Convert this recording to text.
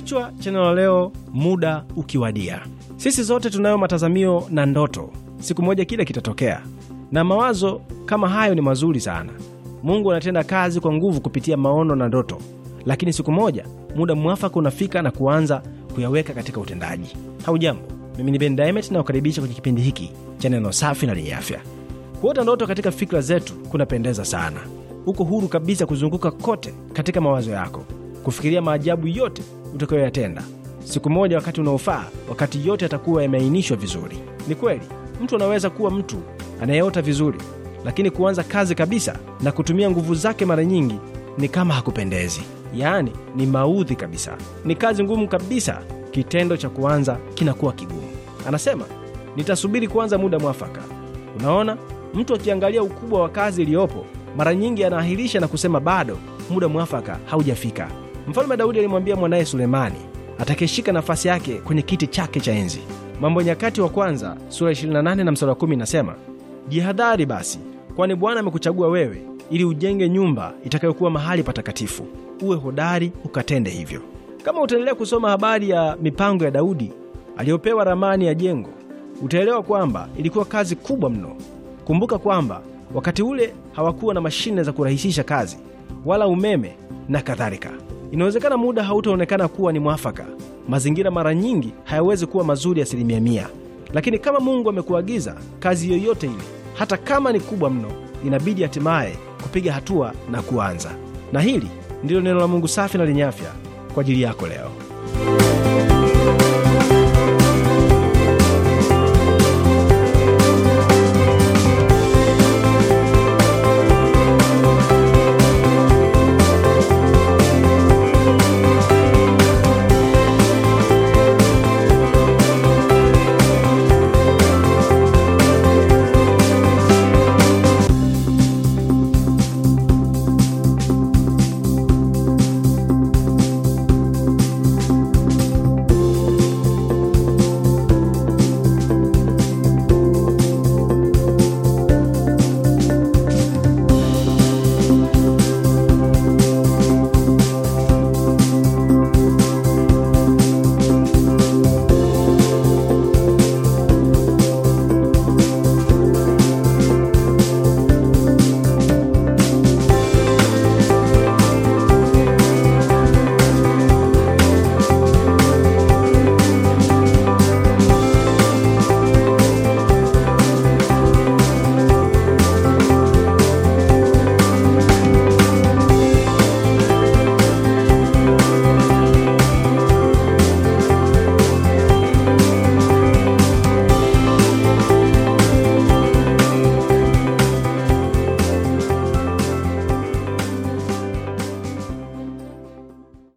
Kichwa cha neno la leo, muda ukiwadia. Sisi zote tunayo matazamio na ndoto, siku moja kile kitatokea, na mawazo kama hayo ni mazuri sana. Mungu anatenda kazi kwa nguvu kupitia maono na ndoto, lakini siku moja muda mwafaka unafika na kuanza kuyaweka katika utendaji. Haujambo, mimi ni Ben Diamond nakukaribisha kwenye kipindi hiki cha neno safi na lenye afya. Kuota ndoto katika fikra zetu kunapendeza sana. Uko huru kabisa kuzunguka kote katika mawazo yako kufikiria maajabu yote utakayoyatenda siku moja, wakati unaofaa, wakati yote yatakuwa yameainishwa vizuri. Ni kweli mtu anaweza kuwa mtu anayeota vizuri, lakini kuanza kazi kabisa na kutumia nguvu zake mara nyingi ni kama hakupendezi, yaani ni maudhi kabisa. Ni kazi ngumu kabisa, kitendo cha kuanza kinakuwa kigumu. Anasema nitasubiri kuanza muda mwafaka. Unaona, mtu akiangalia ukubwa wa kazi iliyopo mara nyingi anaahirisha na kusema bado muda mwafaka haujafika. Mfalme Daudi alimwambia mwanaye Sulemani atakayeshika nafasi yake kwenye kiti chake cha enzi. Mambo Nyakati wa Kwanza sura 28 na mstari wa 10 inasema, jihadhari basi, kwani Bwana amekuchagua wewe ili ujenge nyumba itakayokuwa mahali patakatifu. Uwe hodari ukatende hivyo. Kama utaendelea kusoma habari ya mipango ya Daudi aliyopewa ramani ya jengo, utaelewa kwamba ilikuwa kazi kubwa mno. Kumbuka kwamba wakati ule hawakuwa na mashine za kurahisisha kazi wala umeme na kadhalika inawezekana muda hautaonekana kuwa ni mwafaka. Mazingira mara nyingi hayawezi kuwa mazuri asilimia mia, lakini kama Mungu amekuagiza kazi yoyote ile, hata kama ni kubwa mno, inabidi hatimaye kupiga hatua na kuanza. Na hili ndilo neno la Mungu safi na lenye afya kwa ajili yako leo.